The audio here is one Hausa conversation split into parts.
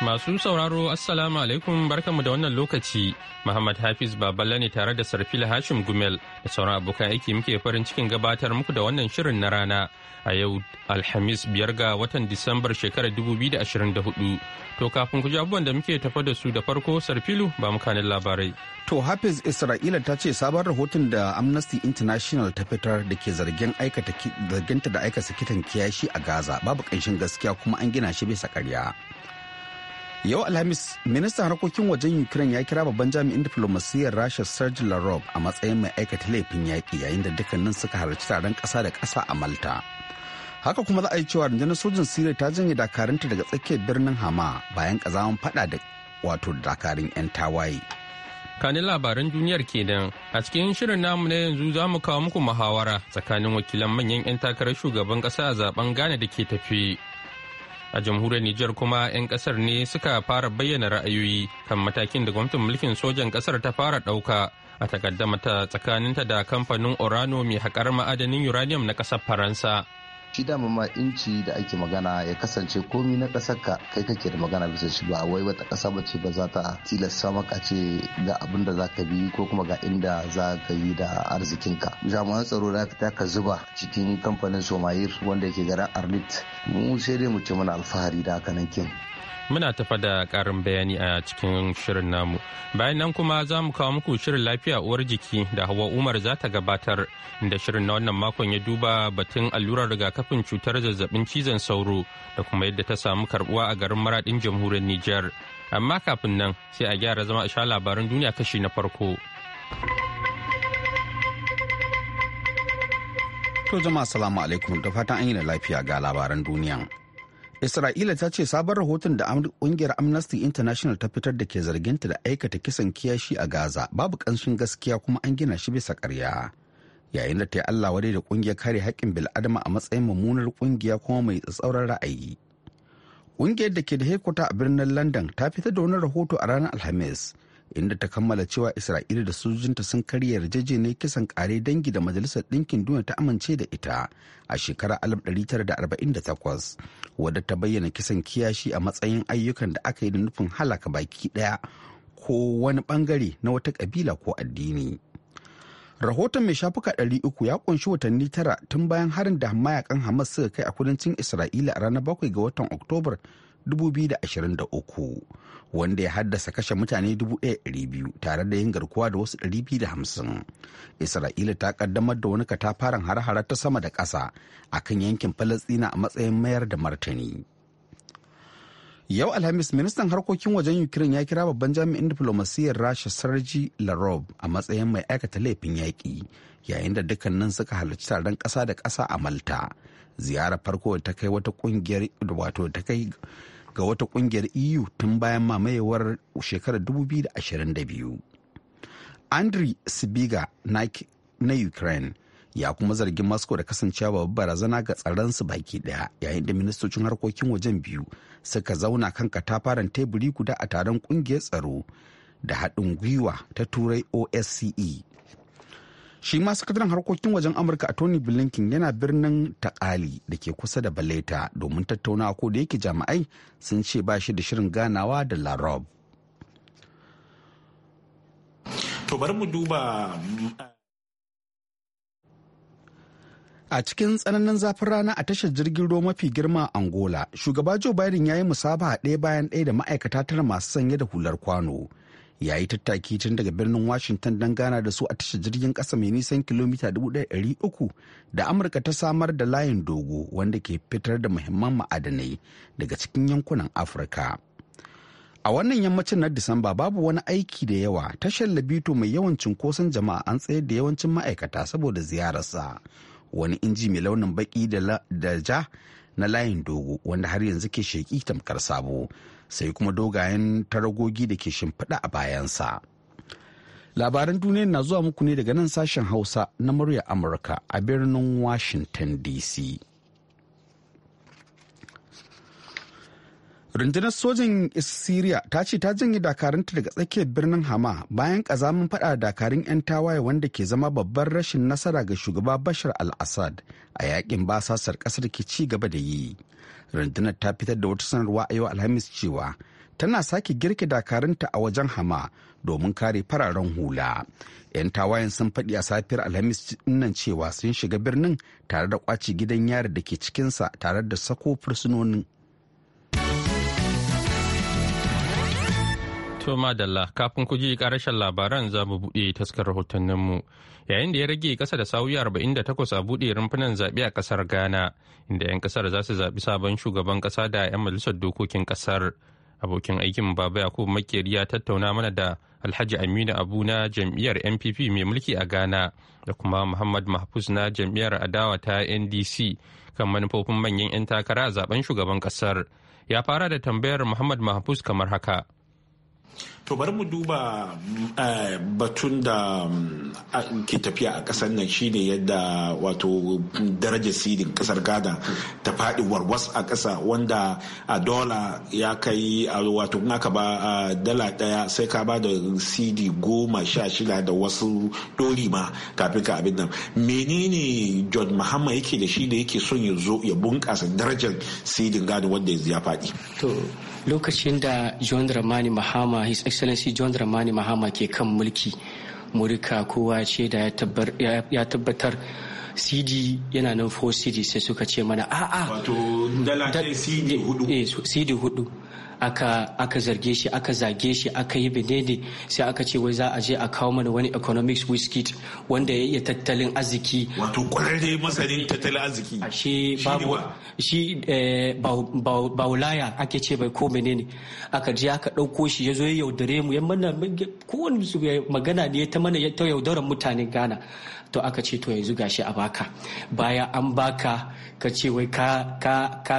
Masu sauraro Assalamu alaikum mu da wannan lokaci. Muhammad Hafiz Baballa ne tare da Sarfila Hashim Gumel da sauran abokan aiki muke farin cikin gabatar muku da wannan shirin na rana a yau Alhamis biyar ga watan Disambar shekarar 2024. To kafin ku ji abubuwan da muke tafa da su da farko Sarfilu ba mu mukanin labarai. To Hafiz Isra'ila ta ce sabon rahoton da Amnesty International ta fitar da ke zargin aikata zarginta da aikata kitan kiyashi a Gaza babu ƙanshin gaskiya kuma an gina shi bisa ƙarya. Yau Alhamis, ministan harkokin wajen Ukraine ya kira babban jami'in diflomasiyyar Rasha Sergei larov a matsayin mai aikata laifin yaƙi yayin da dukkanin suka halarci taron ƙasa da ƙasa a Malta. Haka kuma za a yi cewa rundunar sojin Siriya ta janye dakarunta daga tsakiyar birnin Hama bayan kazaman fada da wato dakarun 'yan tawaye. Kanin labaran duniyar kenan a cikin shirin namu na yanzu za mu kawo muku muhawara tsakanin wakilan manyan 'yan takarar shugaban ƙasa a zaben Ghana da ke tafi. a jamhuriyar Nijar kuma 'yan kasar ne suka fara bayyana ra'ayoyi kan matakin da gwamnatin mulkin sojan kasar ta fara ɗauka a ta tsakaninta da kamfanin Orano mai haƙar ma'adanin uranium na ƙasar Faransa. shi dama ma inci da ake magana ya kasance komi na ƙasar ka kai kake da magana bisa shi ba wai wata ƙasa ba ce ba za ta tilasta maka ce ga abin da za ka bi ko kuma ga inda za ka yi da arzikin ka jami'an tsaro na ta ka zuba cikin kamfanin somayir wanda yake garin arlit mu sai dai mu ce mana alfahari da haka nan kin muna tafa da karin bayani a cikin shirin namu bayan nan kuma za mu kawo muku shirin lafiya uwar jiki da hawa umar za ta gabatar da shirin na wannan makon ya duba batun allurar rigakafi rigakafin cutar zazzabin cizon sauro da kuma yadda ta samu karbuwa a garin maradin jamhuriyar Nijar. Amma kafin nan sai a gyara zama a sha labaran duniya kashi na farko. To jama'a salamu alaikum da fatan an yi da lafiya ga labaran duniya. Isra'ila ta ce sabon rahoton da kungiyar Amnesty International ta fitar da ke zarginta da aikata kisan kiyashi a Gaza babu ƙanshin gaskiya kuma an gina shi bisa ƙarya. yayin da ta yi Allah wadai da kungiyar kare haƙƙin bil'adama a matsayin mummunar kungiya kuma mai tsatsauran ra'ayi. Kungiyar da ke da hekuta a birnin London ta fitar da wani rahoto a ranar Alhamis inda ta kammala cewa Isra'ila da sojojinta sun karya yarjejeniyar kisan kare dangi da Majalisar Ɗinkin Duniya ta amince da ita a shekarar 1948 wadda ta bayyana kisan kiyashi a matsayin ayyukan da aka yi da nufin halaka baki ɗaya ko wani bangare na wata kabila ko addini. rahoton mai shafuka 300 ya kunshi watanni tara tun bayan harin da mayakan hamas suka kai a kudancin isra'ila a ranar 7 ga watan oktobar 2023 wanda ya haddasa kashe mutane 1,200 tare da yin garkuwa da wasu 250 isra'ila ta kaddamar da wani katafaren har-hara ta sama da ƙasa a kan yankin falastina a matsayin mayar da martani Yau Alhamis ministan harkokin wajen Ukraine ya kira babban jami'in diflomasiyyar Rasha Sarji Larov a matsayin mai aikata laifin yaƙi yayin da dukkanin suka halarci taron ƙasa da ƙasa a Malta. Ziyarar farko ta kai wata ƙungiyar wato ta kai ga wata ƙungiyar EU tun bayan mamayewar shekarar 2022. Andriy Sibiga na Ukraine ya kuma zargin moscow da kasancewa babbar barazana ga su baki daya yayin da ministocin harkokin wajen biyu suka zauna kan katafaren teburi guda a taron kungiyar tsaro da haɗin gwiwa ta turai osce shi ma sakataren harkokin wajen amurka a tony blinken yana birnin takali da ke kusa da baleta domin tattaunawa ko da yake jami'ai sun ce ba shi da shirin ganawa da larob A cikin tsananin zafin rana a tashar jirgin ruwa mafi girma a Angola, shugaba Joe Biden ya yi musabaha ɗaya bayan ɗaya da ma'aikata tara masu sanye da hular kwano. Ya yi tattaki tun daga birnin Washington don gana da su a tashar jirgin ƙasa mai nisan kilomita 1,300 da Amurka ta samar da layin dogo wanda ke fitar da muhimman ma'adanai daga cikin yankunan Afirka. A wannan yammacin na Disamba babu wani aiki da yawa tashar Labito mai yawan cunkoson jama'a an tsayar da yawancin ma'aikata saboda ziyararsa. wani inji mai launin baki da ja na layin dogo wanda har yanzu ke sheƙi tamkar sabo sai kuma dogayen taragogi da ke shimfiɗa a bayansa labaran duniya na zuwa muku ne daga nan sashen hausa na murya amurka a birnin washington dc rundunar sojin syria ta ce ta janye dakarunta daga tsakiyar birnin hama bayan kazamin fada dakarun 'yan tawaye wanda ke zama babban rashin nasara ga shugaba bashar al-assad a yakin basasar kasar ke ci gaba da yi rundunar ta fitar da wata sanarwa a yau alhamis cewa tana sake girke dakarunta a wajen hama domin kare fararen hula 'yan tawayen sun faɗi a safiyar alhamis nan cewa sun shiga birnin tare da kwaci gidan yari da ke cikinsa tare da sako fursunonin To madalla kafin ku ji karashen labaran za mu buɗe taskar mu Yayin da ya rage ƙasa da sauyi 48 a buɗe rumfunan zaɓe a ƙasar Ghana, inda 'yan ƙasar za su zaɓi sabon shugaban ƙasa da 'yan majalisar dokokin ƙasar. Abokin aikin Baba yakub Makeri ya tattauna mana da Alhaji Aminu Abu na jam'iyyar NPP mai mulki a Ghana da kuma Muhammad Mahfuz na jam'iyyar adawa ta NDC kan manufofin manyan 'yan takara a zaben shugaban ƙasar. Ya fara da tambayar Muhammad Mahfuz kamar haka. to bari mu duba eh, batun da mm, ke tafiya a ƙasar nan shine yadda wato mm, darajar sidin kasar gada ta faɗi warwas a ƙasa wanda a dola ya kai wato naka ba dala ɗaya sai ka ba da sidi goma sha shida da wasu ɗori ma kafin ka abin nan menene john muhammad yake da shi da yake son ya zo ya bunƙasa darajar sidin gado wanda ya faɗi lokacin da john dramani mahama his excellency john dramani mahama ke kan mulki murika kowa ce da ya tabbatar cd yana nan 4 cd sai suka ce mana a'a wato dala cd hudu eh, aka aka zarge shi aka zage shi aka yi benene sai aka ce wai za a je a kawo mana wani economics whisky wanda ya iya tattalin arziki wato kwararre masanin tattalin arziki Shi babu shi eh, ba ake ce bai ko menene aka je aka ɗauko shi ya zo ya yaudare mu ya mana kowane magana ne ta mana ta yaudaran mutanen Ghana to aka ce to yanzu gashi a baka baya an baka ka ce wai ka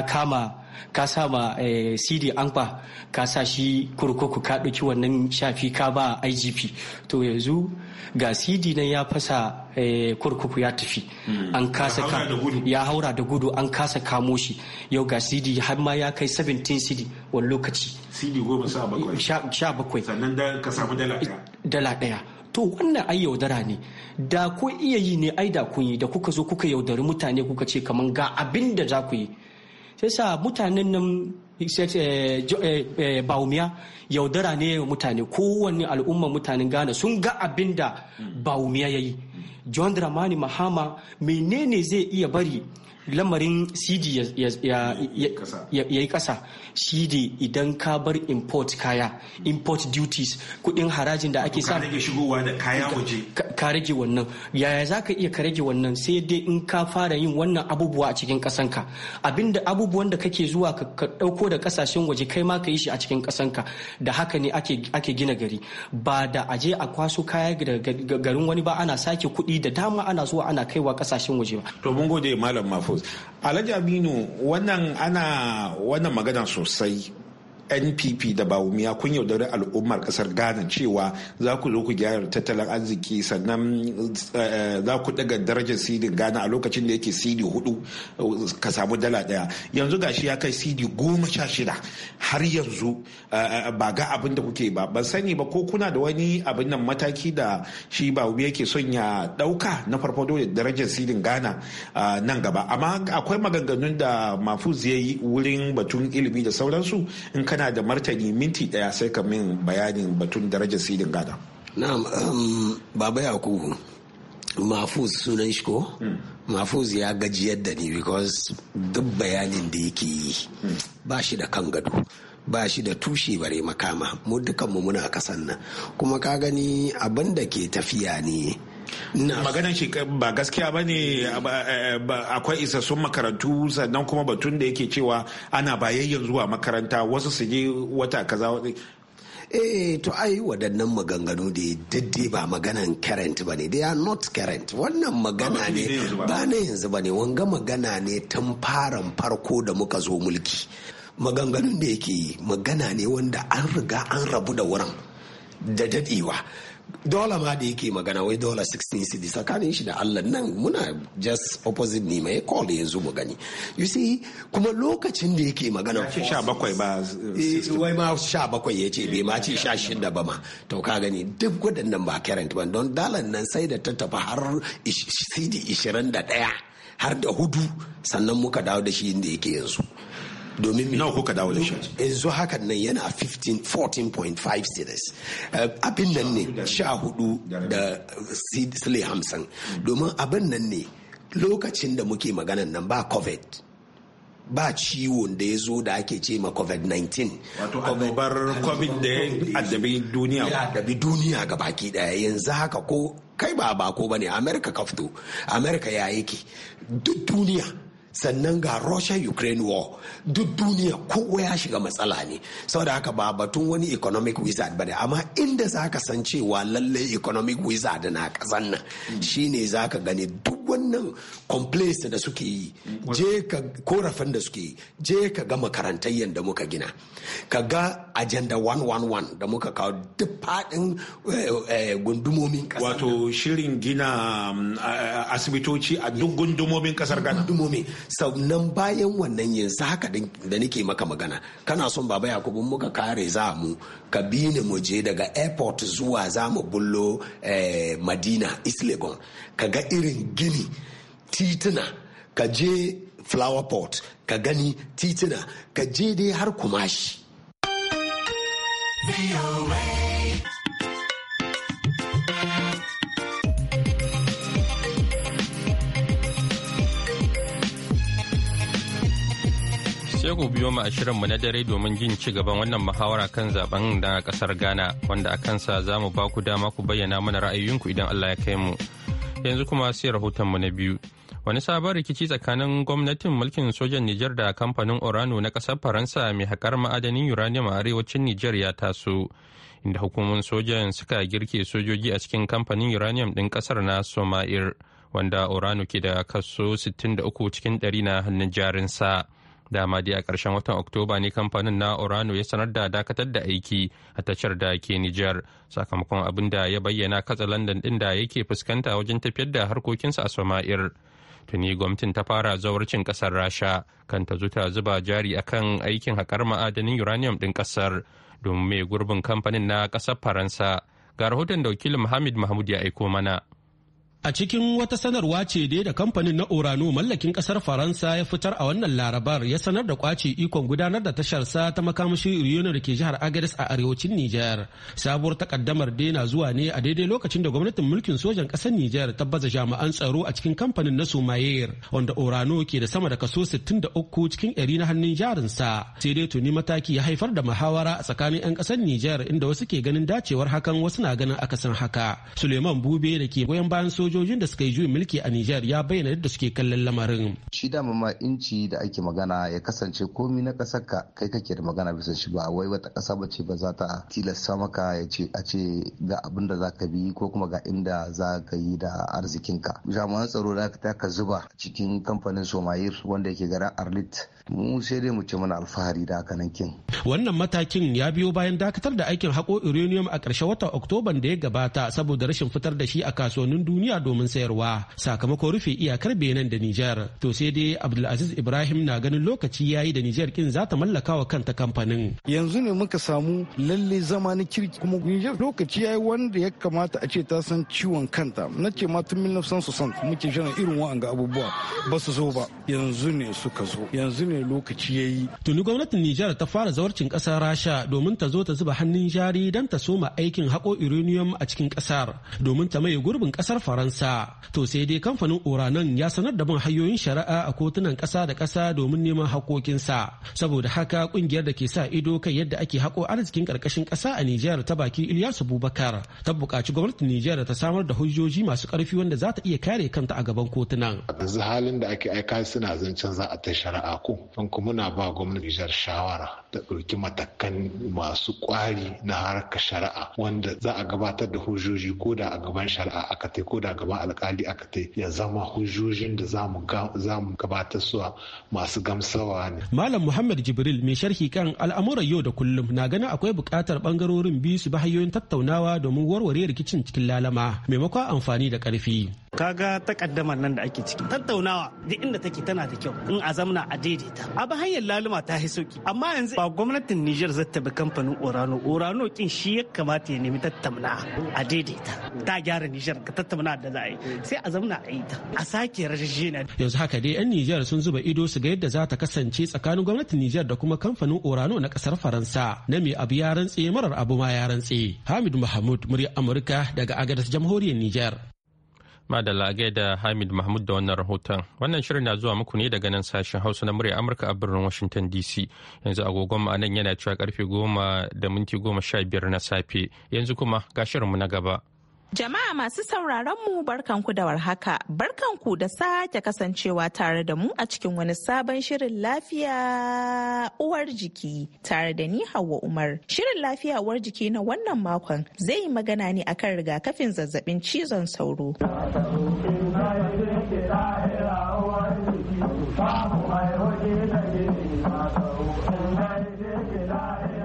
kama ka sa ma eh, cd anfa ka sa shi kurkuku ka ɗauki wannan shafi ka ba igp to yanzu ga cd nan ya fasa eh, kurkuku ya tafi hmm. an kasa ya haura da gudu an kasa kamo shi yau ga cd har ma ya kai 17 cd wani lokaci cd goma sha bakwai sannan da ka samu dala ɗaya to wannan ai yaudara ne da ku iya yi ne ai da kun yi da kuka zo kuka yaudari mutane kuka ce kaman ga abinda da za ku yi sai sa mutanen nan eh, eh, baumiya yaudara ne mutane kowanne al'umma mutanen ghana sun ga abin da baumiya ya yi john dramani mahama menene zai iya bari lamarin cd ya yi kasa cd idan ka bar import kaya import duties kudin harajin da ake sa ka rage shigowa da kaya waje ka rage wannan yaya za ka iya ka rage wannan sai dai in ka fara yin wannan abubuwa a cikin kasanka abinda abubuwan da kake zuwa ka dauko da kasashen waje kai ma ka yi shi a cikin kasanka da haka ne ake gina gari ba da aje a kwaso kaya daga garin wani ba ana sake kuɗi da dama ana zuwa ana kaiwa kasashen waje ba to mun gode malam mafi alhaji aminu wannan ana wannan magana sosai npp da bawumiya kun yaudari al'ummar kasar ghana cewa za ku zo ku gyara tattalin arziki sannan eh, za ku daga darajar cd ghana a lokacin da yake cd hudu eh, ka samu dala daya yanzu gashi ya kai cd goma sha shida har yanzu eh, ba ga abin da kuke ba ban sani ba ko kuna da wani abin nan mataki da shi bawumiya yake son ya dauka na farfado da darajar cd ghana nan gaba amma akwai maganganun da mafuz ya yi wurin batun ilimi da sauransu in kana yana da martani minti daya sai ka min bayanin batun darajar sidin gada na'am um, baba yakubu mafuz sunan shi ko hmm. mafuz ya gajiyar da ni because duk bayanin da yake yi hmm. ba shi da kan gado ba shi da tushe bare makama mu dukanmu muna kasan nan kuma ka gani abin da ke tafiya ne maganan shi ba gaskiya ba ne akwai isassun makarantu sannan kuma batun da yake cewa ana bayayyan zuwa makaranta wasu su je wata kaza eh to ai waɗannan maganganu da daddai ba maganan current ba ne they are not current wannan magana ne ba na yanzu ba ne wanga magana ne tun faran farko da muka zo mulki maganganun da yake yi magana ne wanda an riga an rabu da wurin da dadewa dola ma da yake magana wai dola 16 cd tsakanin shi da allah nan muna just opposite ne mai call yanzu mu gani you see kuma lokacin da yake magana sha eh, wai ma sha bakwai ya ce bai ma ce sha shida ba ma to ka gani duk waɗannan ba current ba don dalar nan sai da ta tafi har cd 21 har da hudu sannan muka dawo da shi inda yake yanzu domin nawa kuka dawo da shi yanzu hakan nan yana 14.5 cedis eh, abin nan ne sha hudu da sile hamsin domin abin nan ne lokacin da muke maganan nan ba covid ba ciwon da ya zo da ake ce ma covid-19 wato annobar covid da ya addabi duniya ya addabi duniya ga baki daya yanzu haka ko kai ba bako bane ka fito america ya yake duk duniya sannan ga russia ukraine war duk duniya kowa ya shiga matsala ne saboda haka ba batun wani economic wizard ba ne amma inda za ka san cewa lallai economic wizard na kasan nan shine za ka gani duk wannan complaints da suke yi je ka korafin da suke yi je ka ga makarantar yadda muka gina ka ga agenda 111 da muka kawo duk faɗin eh, eh, gundumomin ƙasar wato shirin gina eh, asibitoci a duk gundumomin ƙasar ghana sannan bayan wannan yanzu haka da nake maka magana kana son baba yakubu muka kare za mu ka bi ni mu je daga airport zuwa za mu bullo eh, madina islegon ka ga irin gini tituna ka je flower pot ka gani tituna ka je dai har kumashi. sai ku biyo mu a shirinmu na dare domin jin ci gaban wannan muhawara kan zaben na kasar Ghana wanda a kansa za mu ba ku dama ku bayyana mana ra'ayoyinku idan Allah ya kai mu. Yanzu kuma sai rahotonmu na biyu. Wani sabon rikici tsakanin gwamnatin mulkin sojan Nijar da kamfanin Orano na kasar Faransa mai haƙar ma'adanin uranium a arewacin Nijar ya taso. Inda hukumomin sojan suka girke sojoji a cikin kamfanin uranium ɗin kasar na Somair. wanda Orano ke da kaso 63 cikin 100 na hannun jarinsa. dama dai a ƙarshen watan oktoba ne kamfanin na orano ya sanar da dakatar da aiki a tashar da ke nijar sakamakon abin da ya bayyana katsa london ɗin da yake fuskanta wajen tafiyar da harkokinsa a soma'ir tuni gwamnatin ta fara zawarcin kasar rasha kan ta zuta zuba jari akan aikin haƙar ma'adanin uranium ɗin ƙasar domin mai gurbin kamfanin na ƙasar faransa ga rahoton da wakilin muhammad mahmud ya aiko mana A cikin wata sanarwa ce dai da kamfanin na Orano mallakin kasar Faransa ya fitar a wannan larabar ya sanar da kwace ikon gudanar da tashar sa ta makamashin Iriyonar da ke jihar Agadez a arewacin Nijar. Sabuwar takaddamar daina zuwa ne a daidai lokacin da gwamnatin mulkin sojan kasar Nijar ta baza jami'an tsaro a cikin kamfanin na Sumayer wanda Orano ke da sama da kaso 63 cikin ɗari na hannun jarinsa. Sai dai tuni mataki ya haifar da muhawara a tsakanin 'yan kasar Nijar inda wasu ke ganin dacewar hakan wasu na ganin akasin haka. Suleiman Bube da ke goyon bayan soja sojojin da suka yi juyin mulki a Nijar ya bayyana yadda suke kallon lamarin. Shi dama ma inci da ake magana ya kasance komi na ƙasar ka kai kake da magana bisa shi ba wai wata ƙasa ba ce ba za ta tilasta maka ya ce a ce ga abin da za ka bi ko kuma ga inda za ka yi da arzikinka. Jami'an tsaro da ka zuba cikin kamfanin Somayir wanda yake garin Arlit mu sai dai mu ce mana alfahari da haka kin wannan matakin ya biyo bayan dakatar da aikin hako uranium a ƙarshen watan oktoban da ya gabata saboda rashin fitar da shi a kasuwannin duniya domin sayarwa sakamakon rufe iyakar benin da niger to sai dai abdulaziz ibrahim na ganin lokaci ya yi da niger kin za ta mallaka wa kanta kamfanin yanzu ne muka samu lalle zama na kirki kuma niger lokaci ya wanda ya kamata a ce ta san ciwon kanta na ce ma tun 1960 muke shirin irin wa'anga abubuwa ba su zo ba yanzu ne suka zo yanzu ne kawai lokaci ya yi. Tuni gwamnatin Nijar ta fara zawarcin ƙasar Rasha domin ta zo ta zuba hannun jari don ta soma aikin haƙo uranium a cikin ƙasar domin ta maye gurbin ƙasar Faransa. To sai dai kamfanin Uranan ya sanar da bin hanyoyin shari'a a kotunan ƙasa da ƙasa domin neman haƙoƙinsa. Saboda haka ƙungiyar da ke sa ido kan yadda ake haƙo arzikin ƙarƙashin ƙasa a Nijar ta baki Ilyasu Bubakar ta buƙaci gwamnatin Nijar ta samar da hujjoji masu ƙarfi wanda za ta iya kare kanta a gaban kotunan. Yanzu halin da ake aika suna zancen za a ta shari'a ko don kuma na ba gwamnati shawara ta ɗauki matakan masu ƙwari na harka shari'a wanda za a gabatar da hujjoji ko da a gaban shari'a aka tai ko da a gaban alkali aka tai ya zama hujjojin da za mu gabatar suwa masu gamsawa ne. Malam Muhammad Jibril mai sharhi kan al'amuran yau da kullum na ganin akwai buƙatar ɓangarorin biyu su bi hanyoyin tattaunawa domin warware rikicin cikin lalama maimakon amfani da ƙarfi. kaga takaddamar nan da ake ciki tattaunawa duk inda take tana da kyau in a zamna a daidaita a ba hanyar laluma ta hi sauki amma yanzu ba gwamnatin Nijar zata bi kamfanin Orano. Orano kin shi ya kamata ya nemi tattamna a daidaita. Ta gyara Nijar ka tattamna da za a yi. Sai a zauna a yi ta. A sake rajajjena. Yanzu haka dai 'yan Nijar sun zuba ido su ga yadda za ta kasance tsakanin gwamnatin Nijar da kuma kamfanin Orano na kasar Faransa. Na mai abu ya rantse marar abu ma ya rantse. Hamid Mahmud murya Amurka daga Agadas Jamhuriyar Nijar. Madalla da Hamid Mahmud da wannan rahoton. Wannan shirin na zuwa muku ne daga nan sashen Hausa na murya Amurka a birnin Washington DC. Yanzu agogon a nan yana cewa karfe goma da minti goma sha biyar na safe. Yanzu kuma ga shirinmu na gaba. Jama'a masu sauraron mu barkanku da warhaka, barkanku da sake kasancewa tare da mu a cikin wani sabon shirin lafiya uwar jiki tare da ni Hauwa Umar. Shirin lafiya uwar jiki na wannan makon zai yi magana ne akan rigakafin zazzabin cizon sauro.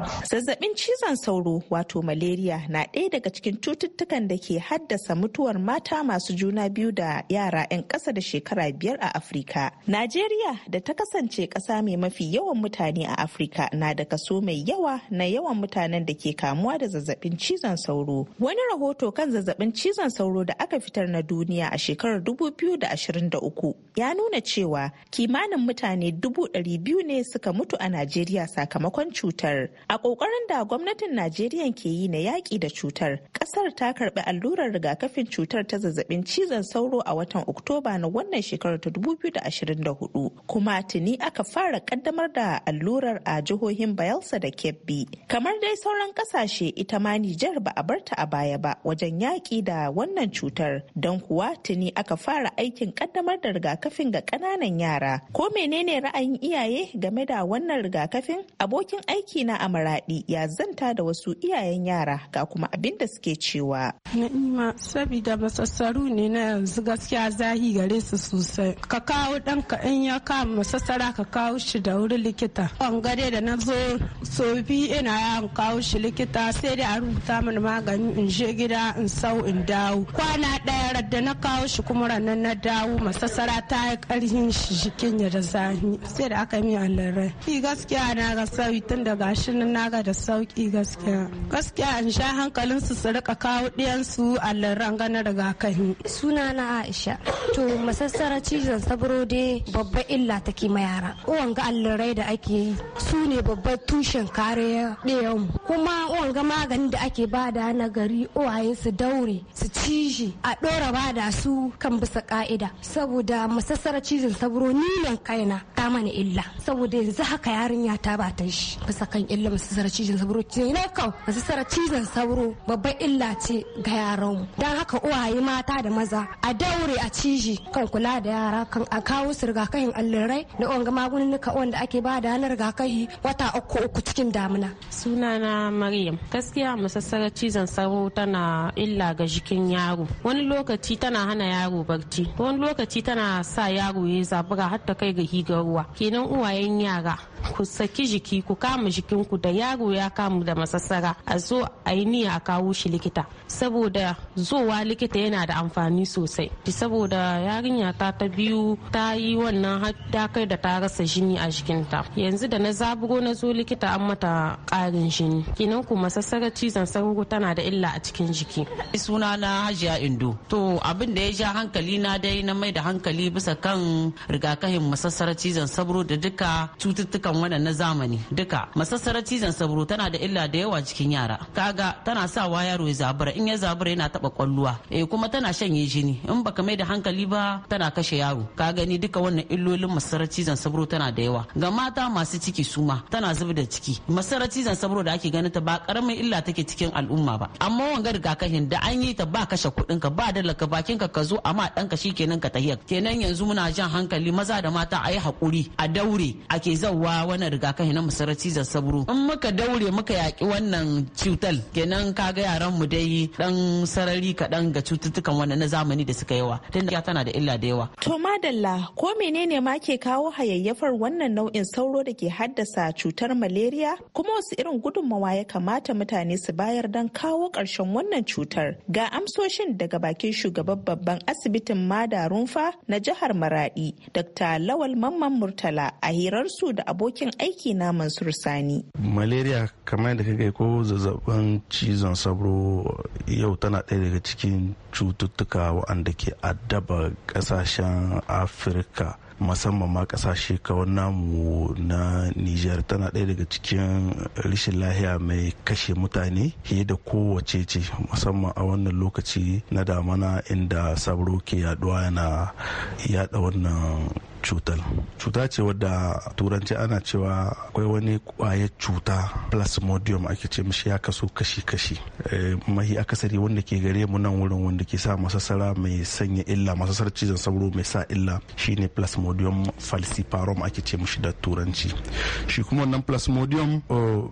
Zazzabin cizon sauro wato malaria na ɗaya daga cikin cututtukan da ke haddasa mutuwar mata masu juna biyu da yara 'yan ƙasa da shekara biyar a Afirka. Najeriya da ta kasance ƙasa mai mafi yawan mutane a Afirka na da kaso mai yawa na yawan mutanen da ke kamuwa da zazzabin cizon sauro. Wani rahoto kan zazzabin cizon sauro da aka fitar na duniya a shekarar dubu biyu da da ashirin uku ya nuna cewa kimanin mutane dubu ɗari biyu ne suka mutu a Najeriya sakamakon cutar. A ƙoƙarin da gwamnatin Najeriya ke yi na yaƙi da cutar, ƙasar ta karɓi allurar rigakafin cutar ta zazzabin cizon sauro a watan Oktoba na wannan shekarar ta 2024, kuma tuni aka fara ƙaddamar da allurar a jihohin Bayelsa da Kebbi. Kamar dai sauran ƙasashe ita ma Nijar ba a barta a baya ba wajen yaƙi da wannan cutar, don kuwa tuni aka fara aikin ƙaddamar da rigakafin ga ƙananan yara. Ko menene ra'ayin iyaye game da wannan rigakafin? Abokin aiki na Amurka maradi ya zanta da wasu iyayen yara ga kuma abin da suke cewa. Na'ima saboda masassaru ne na yanzu gaskiya zahi gare su sosai. Ka kawo ɗanka in ya kama masassara ka kawo shi da wuri likita. An gare da na zo so bi ina yawon kawo shi likita sai dai a rubuta mana magani in je gida in sau in dawo. Kwana ɗaya da na kawo shi kuma ranar na dawo masassara ta yi karhin shi jikin ya da zahi sai da aka yi min allarai. Ki gaskiya na ga sauyi tun da gashin nan na da sauki gaskiya gaskiya in sha hankalin su su rika kawo ɗiyansu alluran ganin rigakafi suna na aisha to masassara cizon sabro dai babba illa take ma yara uwan ga allurai da ake yi su ne babban tushen kariya ɗiyan kuma uwan ga maganin da ake bada na gari uwaye su daure su ciji a ɗora bada su kan bisa ka'ida saboda masassara cizon sabro nilan kaina ta mana illa saboda yanzu haka yarinya ta bata shi bisa kan illa masassara cizon sauro su cizon sauro babban illa ce ga yaran don haka uwaye mata da maza a daure a ciji kan kula da yara kan a kawo su rigakafin allurai da wanga da wanda ake ba da hannun rigakafi wata uku uku cikin damina. sunana maryam gaskiya masassarar cizon sauro tana illa ga jikin yaro wani lokaci tana hana yaro barci wani lokaci tana sa yaro ya zabura har ta kai ga higar ruwa kenan uwayen yara ku saki jiki ku kama jikinku da yaro ya kamu da masassara a zo a yi niyya a kawo shi likita saboda zowa likita yana da amfani sosai saboda yarinya ta ta biyu ta yi wannan ta kai da ta rasa jini a jikinta yanzu da na zaburo na zo likita an mata karin jini kinan masasara cizon sauro tana da illa a cikin jiki suna na hajiya indo to abin da ya ja hankali na dai na mai da hankali bisa kan rigakafin masassarar cizon sauro da duka cututtukan wannan na zamani duka masassarar cizon cizon sauro tana da illa da yawa cikin yara kaga tana sawa yaro ya zabura in ya zabura yana taba kwalluwa eh kuma tana shanye jini in baka mai da hankali ba tana kashe yaro ka gani duka wannan illolin masarar cizon sauro tana da yawa ga mata masu ciki suma tana zuba da ciki masarar cizon sauro da ake ganin ta ba karamin illa take cikin al'umma ba amma wanga rigakafin da an yi ta ba kashe kuɗin ka ba dalaka bakin ka ka zo amma dan ka shikenan ka tahiyar kenan yanzu muna jan hankali maza da mata a yi hakuri a daure ake zauwa wannan rigakafin na masarar cizon sauro in muka daure muka yaƙi wannan cutar kenan kaga yaran mu dai dan sarari kaɗan ga cututtukan wannan na zamani da suka yawa tunda tana da illa da yawa. To madalla ko menene ma ke kawo hayayyafar wannan nau'in sauro da ke haddasa cutar malaria kuma wasu irin gudunmawa ya kamata mutane su bayar dan kawo karshen wannan cutar ga amsoshin daga bakin shugaban babban asibitin mada rumfa na jihar maradi dr lawal mamman murtala a hirarsu da abokin aiki na mansur sani malaria kamar da kai ko zazzabin cizon sabro yau tana ɗaya daga cikin cututtuka waɗanda ke addaba ƙasashen afirka musamman ma ƙasashe kawai namu na niger tana ɗaya daga cikin rashin lahiya mai kashe mutane fiye da kowace ce musamman a wannan lokaci na damana inda sabro ke yaɗuwa yana yada wannan cutar cuta ce wadda turanci ana cewa akwai wani kwayar cuta plasmodium ake ce mishi ya kaso kashi-kashi eh, mahi akasari wanda ke gare mu nan wurin wanda ke sa masasara mai sanya illa masasar cizon sauro mai sa illa shine plasmodium falciparum ake ce mishi da turanci shi kuma wannan plasmodium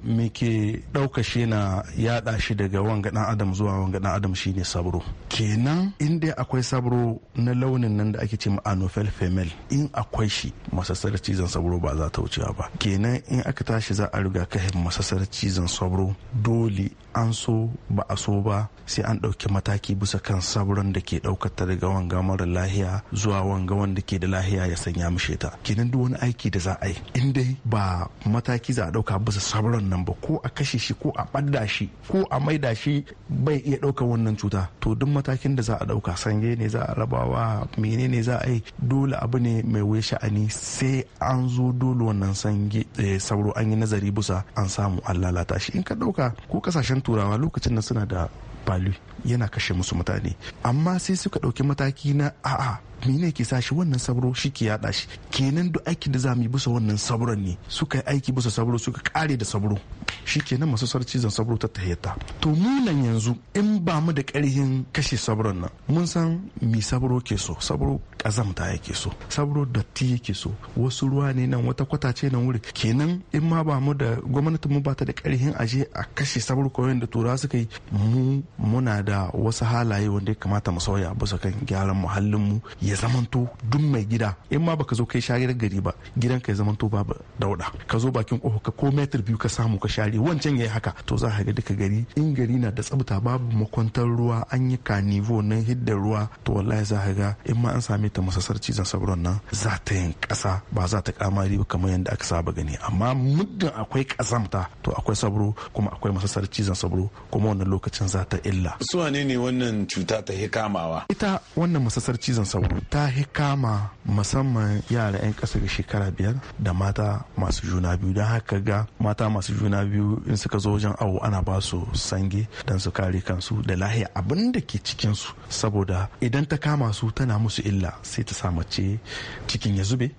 me ke ɗauka shi na yada shi daga wanga dan adam zuwa wanga dan adam shine sabro kenan inda akwai sabro na launin nan da ake ce ma anophel female in akwai shi masasar cizon sauro ba za ta wucewa ba kenan in aka tashi za a riga kahin masasar cizon sauro dole an so ba a so ba sai an ɗauki mataki bisa kan sabron da ke ɗaukar ta daga wanga mara lahiya zuwa wanga wanda ke da lahiya ya sanya mishe ta kenan duk wani aiki da za a yi in dai ba mataki za a ɗauka bisa sabron nan ba ko a kashe shi ko a ɓadda shi ko a maida shi bai iya ɗaukar wannan cuta to duk matakin da za a ɗauka sange ne za a rabawa menene za a yi dole abu ne mai wuya sha'ani sai an zo dole wannan sange eh, sauro an yi nazari bisa an samu an lalata shi in ka ɗauka ko kasashen turawa lokacin nan suna da balu yana kashe musu mutane amma sai suka ɗauki mataki na a'a mene ke sa shi wannan sabro shi ke yada shi kenan duk aikin da za mu yi bisa wannan sabron ne suka yi aiki bisa sabro suka kare da sabro shi kenan masu sarci zan sabro ta tahiyata to mu nan yanzu in ba mu da karhin kashe sabron nan mun san mi sabro ke so sabro kazamta yake so sabro datti yake so wasu ruwa ne nan wata kwata ce nan wuri kenan in ma ba mu da gwamnatin mu ba ta da karhin aje a kashe sabro koyon da turawa suka yi mu muna da wasu halaye wanda ya kamata mu sauya bisa kan gyaran muhallin mu ya ya zamanto duk mai gida in ma baka zo kai sharar gari ba gidan ka ya zamanto babu dauda ka zo bakin ko ka ko metar biyu ka samu ka share wancan yayi haka to za ka ga duka gari in gari na da tsabta babu makwantar ruwa an yi nivo na hidda ruwa to wallahi za ka ga in ma an same ta masasar cizon sauron nan za ta yin kasa ba za ta kamari ba kamar yadda aka saba gani amma muddin akwai kazamta to akwai sabro kuma akwai masasar cizon sabro kuma wannan lokacin za ta illa su ne wannan cuta ta kamawa ita wannan masasar cizon sauro ta kama musamman yara 'yan ƙasa da shekara biyar da mata masu juna biyu don haka ga mata masu juna biyu in suka zo wajen awo ana ba su sange don su kare kansu da lahiya abin da ke cikinsu saboda idan ta kama su tana musu illa sai ta samace cikin ya zube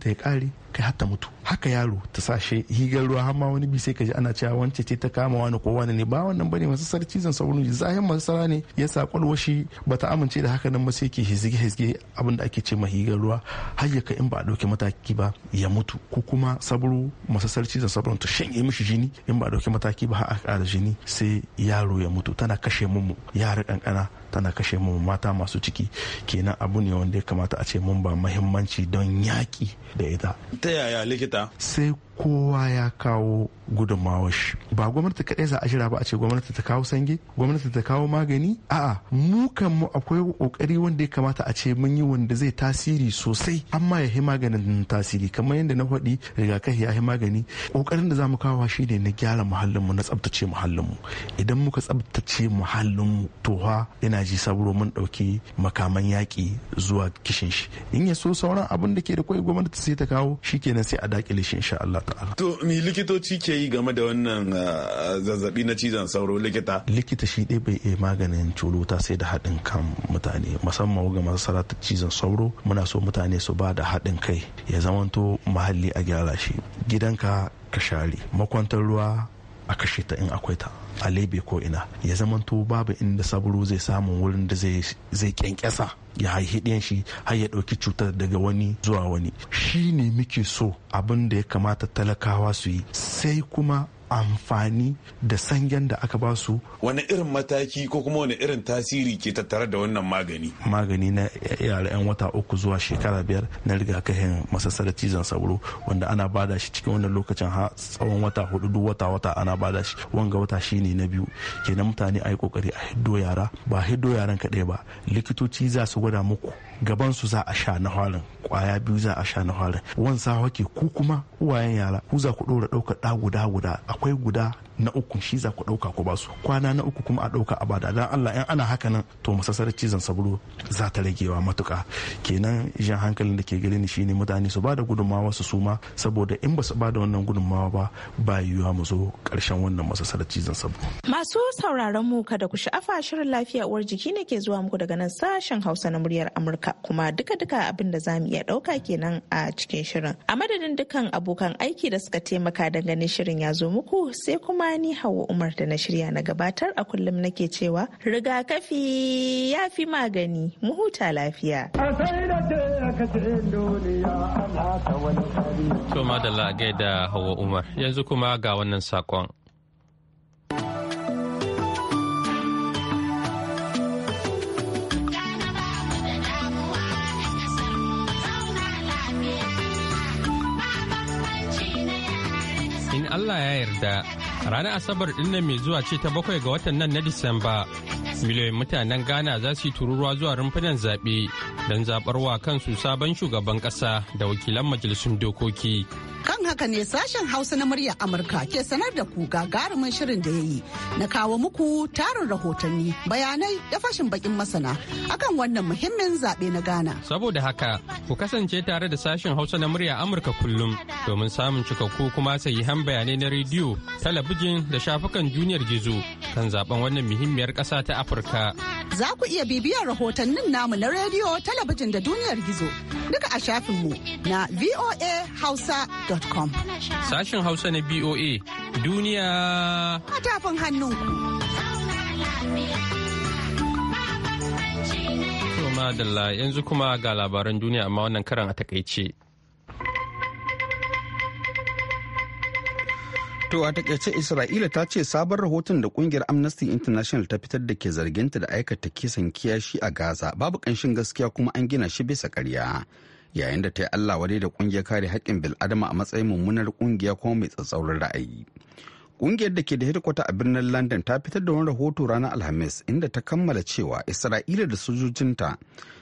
ta ya kare kai hatta mutu haka yaro ta sashe higar ruwa har ma wani bi sai kaji ana cewa wance ce ta kama wani ko wani ne ba wannan bane masu sarci zan ji zahin masu sara ne ya sa kwalwashi ta amince da haka nan ba sai ke hizgi hizgi abin da ake ce ma higar ruwa har ya in ba a dauki mataki ba ya mutu ko kuma sabro masu sarci zan sabron ta shanye mishi jini in ba a dauki mataki ba har a jini sai yaro ya mutu tana kashe mu yara kankana tana kashe mu mata masu ciki kenan abu ne wanda ya kamata a ce mun ba muhimmanci don yaƙi da ita ta yaya likita sai kowa ya kawo gudunmawar shi ba gwamnati kaɗai za a jira ba a ce gwamnati ta kawo sange gwamnati ta kawo magani a'a mu kan mu akwai kokari wanda ya kamata a ce mun yi wanda zai tasiri sosai amma ya yi maganin tasiri kamar yadda na faɗi rigakafi ya yi magani kokarin da za mu kawo shi ne na gyara muhallin mu na tsabtace muhallin mu idan muka tsabtace muhallin mu to ha ina ji saburo mun ɗauki makaman yaƙi zuwa kishin shi in ya so sauran abin da ke da kwai gwamnati sai ta kawo shikenan sai a dakile shi insha Allah to me likitoci ke yi game da wannan ah, zazzabi na cizon sauro likita likita shi ɗaya bai iya maganin ta sai da haɗin kan mutane musamman ga masu sarata cizon sauro muna so mutane su ba da haɗin kai ya zamanto muhalli a gyara shi gidanka ka share makwantar ruwa a kashe ta in akwai ta a lebe ko ina ya zamanto babu inda saburo zai samu wurin da zai kyankyasa ya haihi shi har ya ɗauki cutar daga wani zuwa wani shi ne muke so abin da ya kamata talakawa su yi sai kuma amfani da sangen da aka ba su wani irin mataki ko kuma wani irin tasiri ke tattare da wannan magani magani na yara 'yan wata uku zuwa shekara biyar na rigakafin masassarar cizon sauro wanda ana bada shi cikin wannan lokacin ha tsawon wata hudu duk wata wata ana bada shi wanga wata shine na biyu kenan mutane a yi kokari a hiddo yara ba hiddo yaran kaɗai ba likitoci za su gwada muku gaban su za a sha na harin kwaya biyu za a sha na harin wansa ke ku kuma uwayen yara ku za ku ɗora ɗaukar ɗa guda guda akwai guda na uku shi za ku ɗauka ku basu kwana na uku kuma a ɗauka a bada dan Allah in ana haka nan to musassar cizon saburo za ta ragewa matuka kenan jan hankalin da ke gare ni shine mutane su bada gudunmawa su suma saboda in ba su bada wannan gudunmawa ba ba yiwuwa mu zo ƙarshen wannan musassar cizon saburo. Masu sauraron mu kada ku sha'afa shirin lafiya uwar jiki ne ke zuwa muku daga nan sashen Hausa na muryar Amurka kuma duka-duka abin da za mu iya ɗauka kenan a cikin shirin. A madadin dukkan abokan aiki da suka taimaka dangane shirin ya zo muku sai kuma kuma ni hawa umar da na shirya na gabatar a kullum nake cewa rigakafi ya fi magani mu huta lafiya to madalla gaida hawa umar yanzu kuma ga wannan sakon Allah ya yarda Ranar Asabar ɗin nan mai zuwa ce ta bakwai ga watan nan na Disamba. Miliyoyin mutanen Ghana za su yi tururuwa zuwa rumfunan zaɓe don wa kansu sabon shugaban ƙasa da wakilan majalisun dokoki. Kan haka ne sashen Hausa na muryar Amurka ke sanar da ku gagarumin shirin da ya yi na kawo muku tarin rahotanni, bayanai da fashin bakin masana akan wannan muhimmin zaɓe na Ghana. Saboda haka, ku kasance tare da sashen Hausa na muryar Amurka kullum domin samun cikakku kuma han bayanai na rediyo, talabijin talabijin da shafukan duniyar gizo kan zaben wannan muhimmiyar ƙasa ta Afirka. Za ku iya bibiyar rahotannin namu na rediyo, talabijin da duniyar gizo duka a shafinmu na voahausa.com. Sashen Hausa na BOA duniya a tafin hannunku. Madalla yanzu kuma ga labaran duniya amma wannan karan a takaice. To a takaice Isra'ila ta ce sabon rahoton da kungiyar Amnesty International ta fitar da ke zargin ta da aikata kisan kiyashi a Gaza babu kanshin gaskiya kuma an gina shi bisa karya Yayin da ta yi Allah wadai da kungiyar kare haƙƙin bil'adama a matsayin mummunar kungiya kuma mai tsatsauran ra'ayi. Kungiyar da ke da hedikwata a birnin London ta fitar da wani rahoto ranar Alhamis inda ta kammala cewa Isra'ila da sojojinta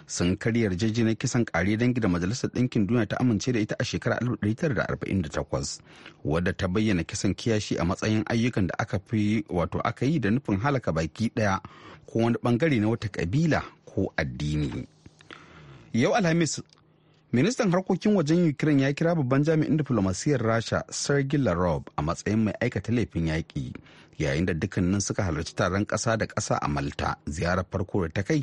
sun karya yarjejeniyar kisan kare dangi da majalisar ɗinkin duniya ta amince da ita a shekarar 1948 wadda ta bayyana kisan kiyashi a matsayin ayyukan da aka fi wato aka yi da nufin halaka baki ɗaya ko wani bangare na wata kabila ko addini yau alhamis ministan harkokin wajen ukraine ya kira babban jami'in diflomasiyyar rasha sergei lavrov a matsayin mai aikata laifin yaƙi yayin da dukkanin suka halarci taron ƙasa da ƙasa a malta ziyarar farko da ta kai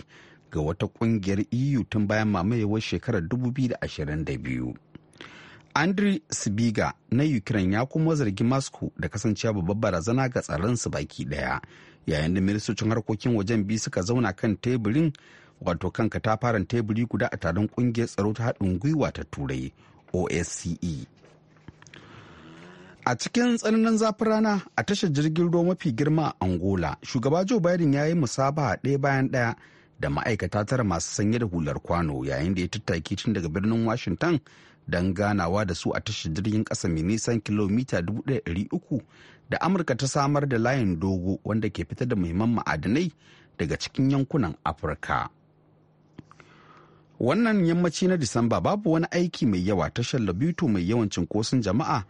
ga wata kungiyar EU tun bayan mamayewar shekarar 2022. Andriy Sibiga na Ukraine ya kuma zargi Moscow da kasancewa babbar barazana ga tsaronsu baki daya yayin da ministocin harkokin wajen biyu suka zauna kan teburin wato kan katafaren teburi guda a taron kungiyar tsaro ta haɗin gwiwa ta turai OSCE. A cikin tsananin zafin rana a tashar jirgin ruwa mafi girma a Angola, shugaba Joe Biden ya yi musaba ɗaya bayan ɗaya da ma'aikata tara masu sanye da hular kwano yayin da ya tattaki tun daga birnin washington don ganawa da su a tashar jirgin kasa mai nisan kilomita 300 da amurka ta samar da layin dogo wanda ke fitar da muhimman ma'adanai daga cikin yankunan afirka wannan yammaci na disamba babu wani aiki mai yawa tashar labuto mai yawan cinkoson jama'a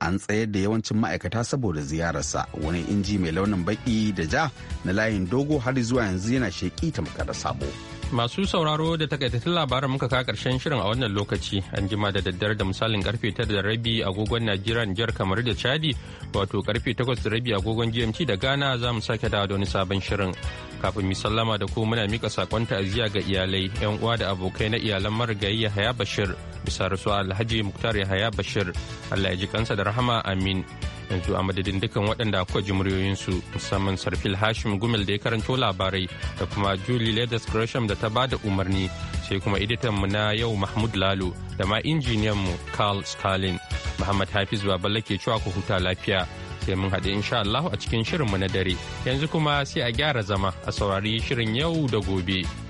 an tsayar da yawancin ma'aikata saboda ziyararsa wani inji mai launin baki da ja na layin dogo har zuwa yanzu yana sheƙi tamkar sabo. Masu sauraro da takaitattun labaran muka ka karshen shirin a wannan lokaci an jima da daddare da misalin karfe tara da rabi agogon Najeriya Nijar kamar da Chadi wato karfe takwas da rabi agogon GMT da Ghana za mu sake dawo da wani sabon shirin. Kafin mu sallama da ko muna mika sakon ta'aziyya ga iyalai, 'yan uwa da abokai na iyalan marigayi Yahaya Bashir. bisa rasuwa alhaji muktar yahaya bashir allah ya ji kansa da rahama amin yanzu a madadin dukkan waɗanda kuka ji muryoyinsu musamman sarfil hashim gumel da ya karanto labarai da kuma julie ledes gresham da ta bada umarni sai kuma mu na yau mahmud lalo da ma injiniyan mu carl stalin muhammad hafiz baballe ke cewa ku huta lafiya sai mun haɗu insha allahu a cikin shirin mu na dare yanzu kuma sai a gyara zama a saurari shirin yau da gobe.